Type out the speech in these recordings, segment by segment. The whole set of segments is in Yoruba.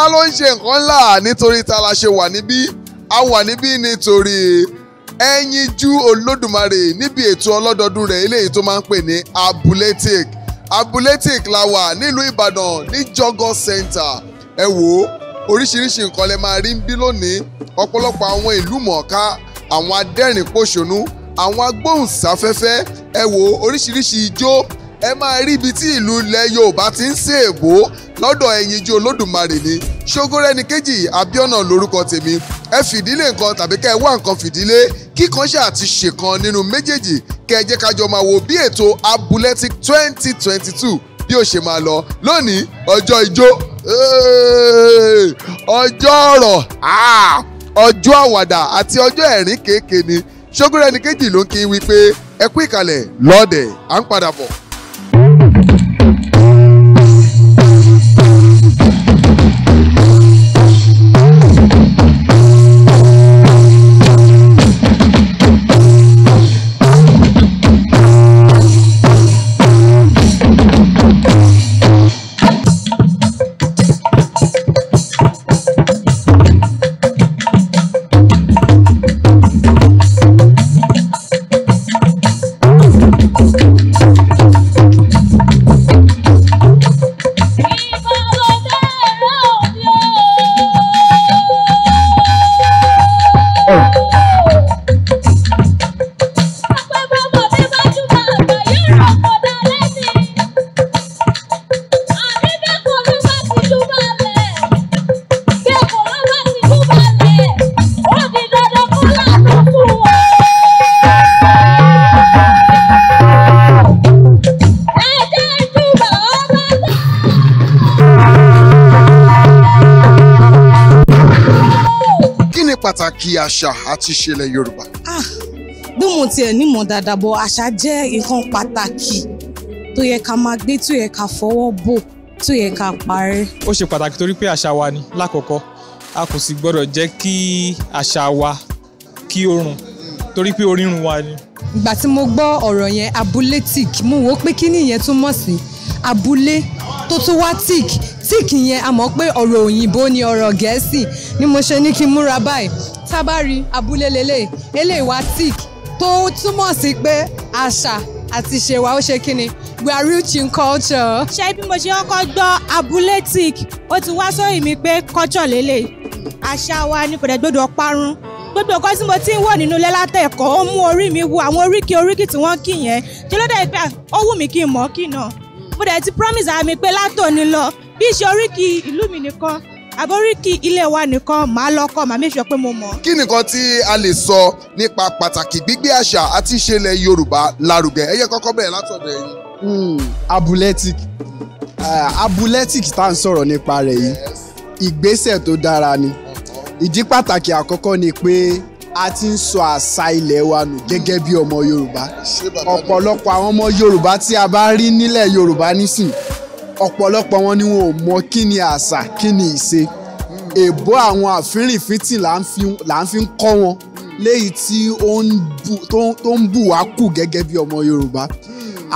ńlá ló ń ṣe nǹkan ńlá nítorí ta la ṣe wà níbí a wà níbí nítorí ẹyinjú olódùmarè níbi ètò ọlọ́dọọdún rẹ̀ eléyìí tó máa ń pè ní abuletic abuletic la wà nílùú ìbàdàn ní jọgọ center ẹ wò ó oríṣiríṣi nǹkan lẹ máa rí bí lónìí ọ̀pọ̀lọpọ̀ àwọn ìlú mọ̀ọ́ká àwọn adẹ́rìn-pòṣónú àwọn agbóhùnsáfẹ́fẹ́ ẹ wò ó oríṣiríṣi ijó ẹ máa rí ibi tí ìlú ilẹ̀ Yorùbá ti ń ṣe èbó lọ́dọ̀ ẹ̀yinjú Olódùmarè ni Ṣogorenikeji Abiona lórúkọ tèmi ẹ fìdílé nǹkan tàbí kẹ́ ẹ wá nǹkan fìdílé kíkan ṣáà ti ṣèkan nínú méjèèjì kẹ́ ẹ jẹ́ ká jọ máa wo bí ètò Abuletic twenty twenty two bí ó ṣe máa lọ lónìí ọjọ́ ijó ọjọ́ ọ̀rọ̀ ah! ọjọ́ àwàdà àti ọjọ́ ẹ̀rín kéèké ni Ṣogorenikeji ló ń kí wípé ẹ kú ìkàlẹ̀ lọ́ọ̀dẹ̀ à ń padà bọ̀. Thank you. pàtàkì àṣà àti ìṣẹ̀lẹ̀ Yorùbá. Ah, bí mo tiẹ̀ nímọ̀ dáadáa bọ̀ àṣà jẹ́ nǹkan pàtàkì tó yẹ ká máa gbé tó yẹ ká fọwọ́ bò tó yẹ ká parẹ́. ó ṣe pàtàkì torí pé àṣà wa ni lákọ̀ọ́kọ́ a kò sì gbọ́dọ̀ jẹ́ kí àṣà wa kí ó torí pé orírun wa ni. ìgbà tí mo gbọ́ ọ̀rọ̀ yẹn abúlé tic mo wò ó pé kí ni ìyẹn túmọ̀ sí abúlé tó tún wá tic tic yẹn a mọ̀ pé ọ̀rọ̀ òyìnbó ni ọ̀rọ̀ gẹ̀ẹ́sì ni mo ṣe ní kí n múra báyìí tábàrí abúlé lélẹ̀ eléyìí wá tic tó túmọ̀ sí pé àṣà àti ìṣe ó ṣe kíni we are rich in culture. ṣé bí mo ṣe kọ́kọ́ gbọ́ abúlé tic ó ti wá sóyè mi pé culture lélẹ̀ àṣà wa ni kò dẹ̀ gbọ́dọ̀ parun gbogbo nǹkan tí mo ti ń wò nínú ilé látẹ̀kọ́ ó mú orí mi wo àwọn oríkì oríkì tí wọ́n kì yẹn tí ló dẹ̀ pé ah, ó wù mí kí n mọ̀ kí náà mo dẹ̀ ti promise àmì pé látòní lọ bí ìṣe oríkì ìlú mi nìkan àbóríkì ilé wa nìkan màá lọ kọ́ màá mẹ́sàn pé mo mọ̀. kí nìkan tí a lè sọ nípa pàtàkì gbígbé àṣà àti ìṣẹ̀lẹ̀ Yorùbá lárugẹ ẹ yẹ kọ́kọ́ bẹ̀rẹ̀ látọ̀dọ̀ hmm, abuletic eh, abuletic tá à ń sọ̀rọ̀ nípa rẹ̀ yìí ìgbésẹ̀ tó dára ni uh-huh. ìdí pàtàkì àkọ́kọ́ ni pé a ti ń sọ àṣà ilẹ̀ wa nù gẹ́gẹ́ bí ọmọ Yorùbá ọ̀pọ̀lọpọ̀ àwọn ọmọ Yorùbá tí a bá rí nílẹ̀ Yorùbá nísìn ọ̀pọ̀lọpọ̀ wọn ni wọn ò mọ kí ni àṣà kí ni ìṣe èbó àwọn àfínrìnfínntì là ń fi ń kọ́ wọn léyìí tí ó ń bù wá kù gẹ́gẹ́ bí ọmọ Yorùbá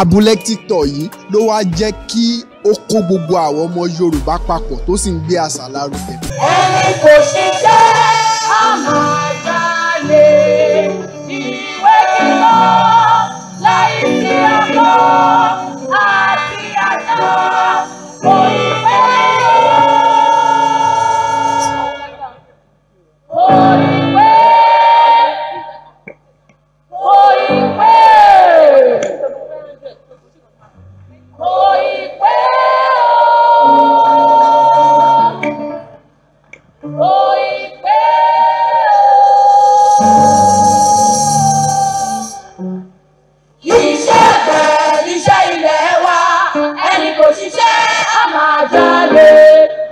abúlé títọ̀ yìí ló wá jẹ́ kí ó kó gbogbo àwọn ọmọ Yorùbá papọ̀ tó sì ń gbé àṣà lárugẹ. ẹni kò ṣiṣẹ́ àmọ́ àjálè ìwé kíkọ́ láì sí ọkọ̀.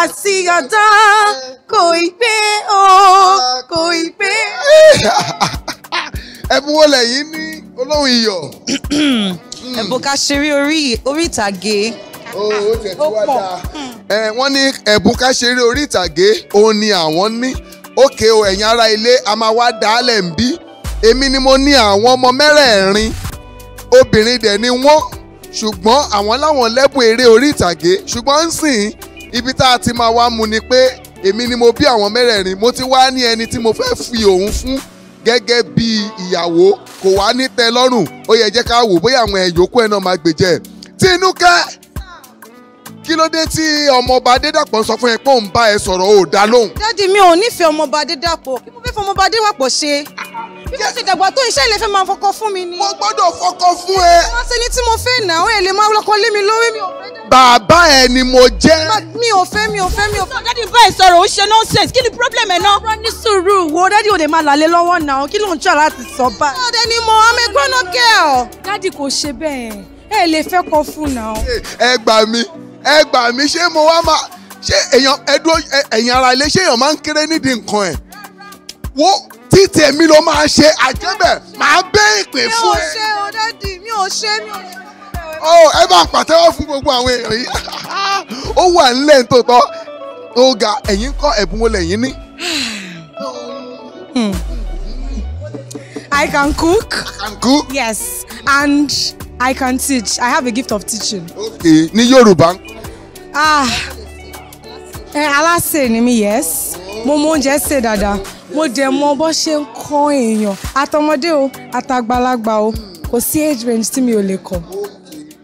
àṣìyàdá kò ì pé o kò ì pé. ẹ̀bùn wo lẹ́yìn ní olóhùn iyọ̀. ẹ̀bùn ká ṣeré orí ìtàgé ó tẹ̀ tí wá dáa. ẹ wọ́n ní ẹ̀bùn ká ṣeré orí ìtàgé òun ni àwọn ní òkè o ẹ̀yin ará ilé a máa wá dálẹ̀ ń bí èmi ni mo ní àwọn ọmọ mẹ́rẹ̀ẹ̀rin obìnrin dẹ̀ ni wọ́n ṣùgbọ́n àwọn láwọn lẹ́bùn eré orí ìtàgé ṣùgbọ́n ń sìn ibi tá a ti máa wá mu ni pé èmi ni mo bí àwọn mẹ́rẹ̀ẹ̀rin mo ti wá ní ẹni tí mo fẹ́ fi òun fún gẹ́gẹ́ bí ìyàwó kò wá ní tẹ́ lọ́rùn ó yẹ jẹ́ ká wò bóyá àwọn ẹ̀yọ́kú ẹ̀ náà máa gbèjẹ́ Tinúkẹ́ kí ló dé tí ọmọọba Adédàpọ̀ sọ fún ẹ pé òun bá ẹ sọ̀rọ̀ ò dá lóhùn. dáàdi mi ò nífẹ̀ẹ́ ọmọọba Adédàpọ̀ kí mo fẹ́ fọmọọba Adédàpọ̀ ṣe bí o ṣe dàgbà tó iṣẹ́ ilé fẹ́ máa fọkọ fún mi ni. mo gbọ́dọ̀ fọkọ fún ẹ. wọ́n ṣe ní tí mo fẹ́ nà ó èlé máa lọ́kọ lé mi lórí bàbá ẹ ni mo jẹ́. mi ò fẹ́ mi ò fẹ́ mi ò fẹ́. dádì bá ẹ sọ̀rọ̀ ó ṣe nonsense kí ni problem ẹ náà. ọ̀rọ̀ ní sùúrù wo dádì ò lè máa làlé lọ́wọ́ náà kí ló ń jà láti sọ báyìí. ọ̀dẹ ni mo ọmọ ẹgbẹ́ náà kẹ́ ọ. dádì kò ṣe bẹ́ẹ̀ ẹ lè fẹ́ kọ fún náà. ẹ gbà mí ẹ gbà mí ṣé mo wá máa ṣé èèyàn ẹdúró tí tèmi ló máa ṣe àjẹbẹ màá bẹ ìpè fún ẹ. mi ò ṣe o dádì mi ò ṣe mi ò ṣe. ó oh, ẹ bá pàtẹ́wọ́ fún gbogbo àwọn èèyàn yìí ó wà nílẹ̀ nítòótọ́ tó ga ẹ̀yin kọ́ ẹ̀bùn wo lẹ̀yin ní. Hmm. I can cook. I can cook. Yes, and I can teach. I have a gift of teaching. Okay, ní Yorùbá. Ah, eh, aláṣẹ ni mi yes, mo Mo oúnjẹ ṣe dáadáa mo dẹ̀ mọ bó ṣe ń kọ́ èèyàn àtọmọdé o àtàgbàlagbà o kò sí age range tí mi ò lè kọ́.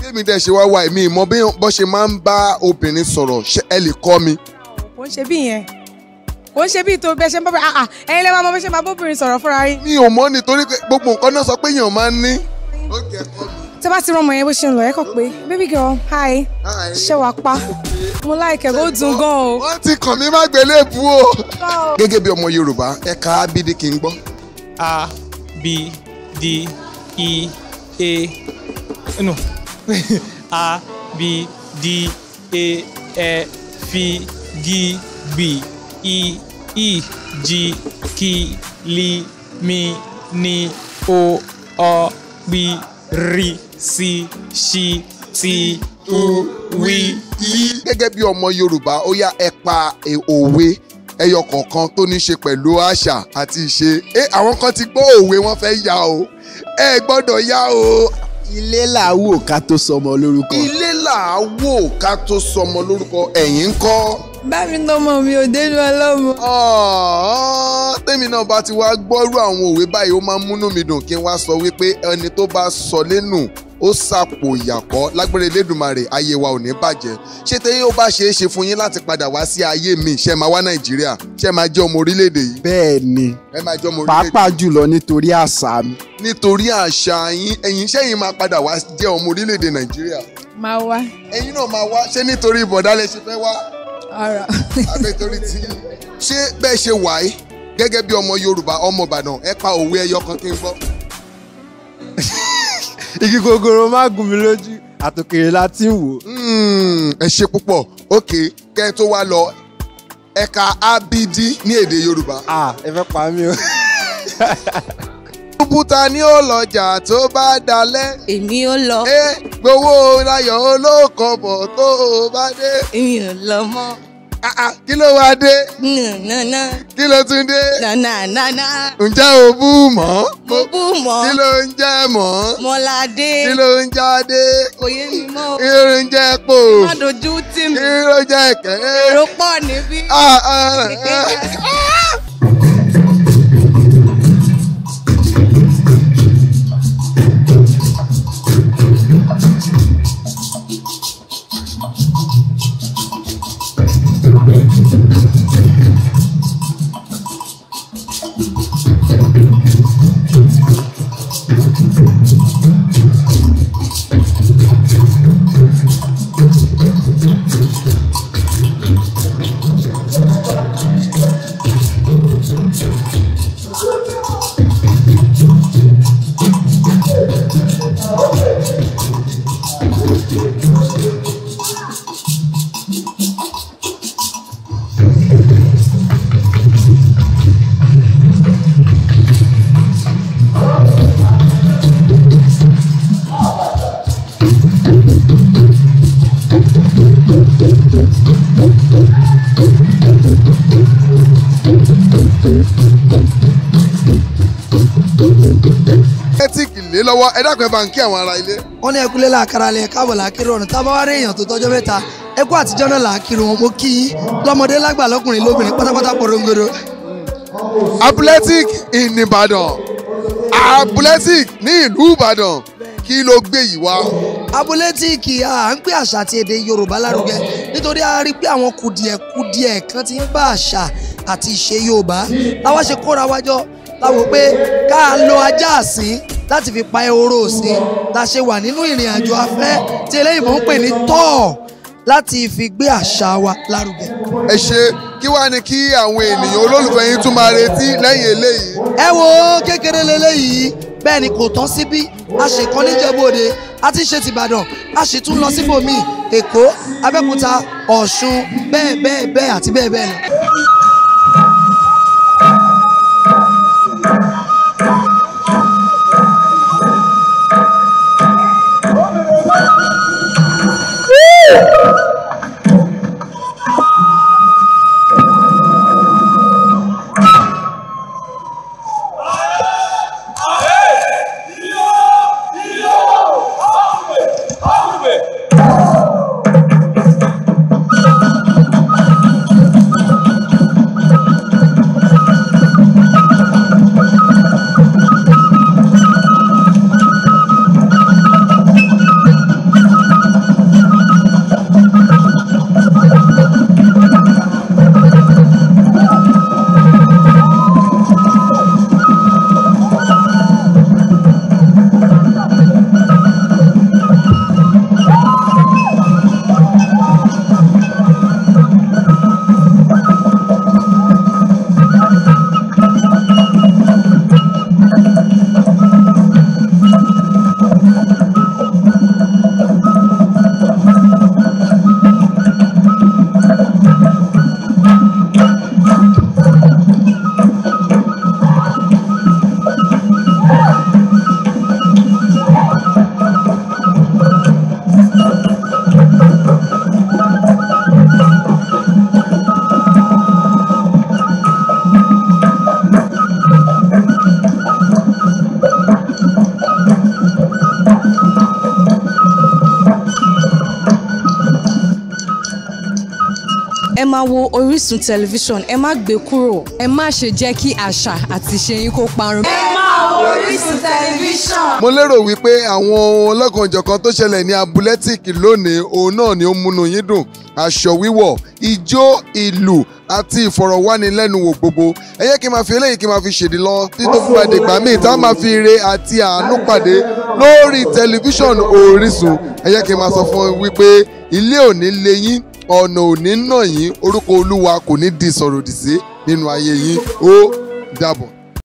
tèmi dẹ̀ ṣe wá wá èmi ìmọ̀ bí bó ṣe máa ń bá obìnrin sọ̀rọ̀ ṣé ẹ lè kọ́ mi. kò ń ṣe bí yẹn kò ń ṣe bí tó bẹ ṣe ń bọ́ bẹ àà lè máa mọ bó ṣe máa bóbìnrin sọ̀rọ̀ fúnra yín. mi ò mọ̀ nítorí gbogbo nǹkan náà sọ pé èèyàn máa ń ní. ó kẹ́kọ̀ọ́ mi tẹ bá ti rán ọmọ yẹn bó ṣe ń lọ ẹ pé baby girl hi ṣé wàá pa mo láìkẹ́ bó dùn gan o. wọ́n ti kàn mí má gbélébùú o. gẹ́gẹ́ bí ọmọ Yorùbá ẹ ka abidi kí n gbọ́. a b d e a e, no a b d a e, e f g b e e g k l m n o o b r sí ṣí ti wí. gẹ́gẹ́ bí ọmọ Yorùbá ó yá ẹ pa òwe ẹyọ kọ̀ọ̀kan tó ní ṣe pẹ̀lú àṣà àti ìṣe ẹ àwọn kan ti gbọ́ òwe wọ́n fẹ́ yá o ẹ gbọ́dọ̀ yá o. ilé là á wò ká tó sọmọ lórúkọ. ilé là á wò ká tó sọmọ lórúkọ ẹ̀yin kọ́ bámi nọmọ mi ò dénú ọlọ́mọ. Ah, tèmi náà bá ti wá gbọ́rú àwọn òwe báyìí ó máa ń múnú mi dùn kí n wá sọ wípé ẹni tó bá sọ lẹ́nu ó sàpò ìyàkọ́ lágbára Elédùmarè ayé wa ò ní bàjẹ́ ṣé tẹ́yìn ó bá ṣeé ṣe fún yín láti padà wá sí ayé mi ṣe máa wá Nàìjíríà ṣe máa jẹ́ ọmọ orílẹ̀-èdè yìí. bẹ́ẹ̀ ni pàápàá jùlọ nítorí àṣà mi. nítorí àṣà yín ẹ̀yin ṣẹ́yìn máa padà wá jẹ́ ọmọ orílẹ̀-èdè Nàìjíríà. máa wá. ẹ̀yin náà máa wá ṣé nítorí ìbọ̀dálẹ̀ ṣe fẹ́ wá ara. àtẹ̀tọ́rí tí ṣé bẹ́ẹ̀ ṣe wà yìí gẹ́gẹ́ bí ọmọ Yorùbá ọmọ Ìbàdàn ẹ pa òwe ẹyọ kan kí n gbọ́. igi gogoro má gùn mí lójú àtòkèrè la ti ń wò. Hmm, ẹ ṣe púpọ̀ òkè kẹ́ ẹ tó wá lọ ẹ̀ka abd ní èdè Yorùbá. ah ẹ fẹ́ pa mí o. Òkúta ni ó lọ́jà tó bá dalẹ̀. Èmi ò lọ. Ẹ gbowó láyọ̀ olóòkan bọ̀ tó o bá dé. Èmi ò lọ mọ́. Ah, ah, kí ló wá dé? Nànà. Kí ló tún dé? Nànà nànà. Ǹjẹ́ o bú mọ́? Mo bú mọ́. Kí ló ń jẹ́ mọ́? Mọ́ládé. Kí ló ń jáde? Kò yé mi mọ́. Kí ló ń jẹ́ pò? Má dojú tì mí. Kí ló jẹ́ kẹ́? Èrò pọ̀ níbí. Ah, lé lọ́wọ́ ẹ dákun ẹ bá ń kí àwọn ará ilé. wọ́n ní ẹkúlé làkàrà lẹ káàbọ̀ làákiri ọ̀nà tá a bá wá rí èèyàn tó tọ́jọ́ mẹ́ta ẹkú àtijọ́ náà làákiri wọn mo kí lọ́mọdé lágbà lọ́kùnrin lóbìnrin pátápátá porongodo. athletic in Ìbàdàn athletic ní ìlú Ìbàdàn kí ló gbé yìí wá. abúlétíìkì à ń pè àṣà àti èdè yorùbá lárugẹ nítorí a rí pé àwọn kùdìẹ̀kùdìẹ̀ kan ti ń bá àṣà àti ìṣe yorùbá láwa ṣe kóra wájọ láwo pé ká lo ajá àsín láti fi pa ehoro òsè tá a ṣe wà nínú ìrìn àjò afẹ́ tí eléyìí mò ń pè ní tọ́ọ̀ láti fi gbé àṣà wa lárugẹ. ẹ ṣe kí wàá ní kí àwọn ènìyàn olólùfẹ́ yín tún máa retí lẹ́yìn eléyìí. ẹ wo kékeré leléyìí bẹ́ẹ̀ ni kò tán síbí a ṣe kan níjẹ̀bú a ti ṣe tìbàdàn a sì tún lọ síbòmíì èkó abẹ́òkúta ọ̀ṣun bẹ́ẹ̀ bẹ́ẹ̀ bẹ́ẹ̀ àti bẹ́ẹ̀ bẹ́ẹ̀ lọ. Yeah. wo Orísun tẹlifíṣàn ẹ má gbé kúrò ẹ má ṣe jẹ́ kí àṣà àti ìṣe yín kó parun. ẹ máa wo Orísun tẹlifíṣàn. mo lérò wípé àwọn ohun ọlọ́kanòjọ̀kan tó ṣẹlẹ̀ ní abúlẹ́tìkì lónìí òun náà ni ó múnú yín dùn aṣọ wíwọ̀ ijó ìlú àti ìfọ̀rọ̀wánilẹ́nuwò gbogbo ẹ yẹ kí n máa fi eléyìí kí n máa fi ṣèdí lọ títún fún àdìgbà míì tá a máa fi ire àti àánú pàdé lórí tẹlifíṣàn Orísun ẹ kí n máa sọ fún wípé ilé òní lẹ́yìn ọ̀nà òní náà yín orúkọ olúwa kò ní di sọ̀rọ̀ òdì sí nínú ayé yín ó dàbọ̀.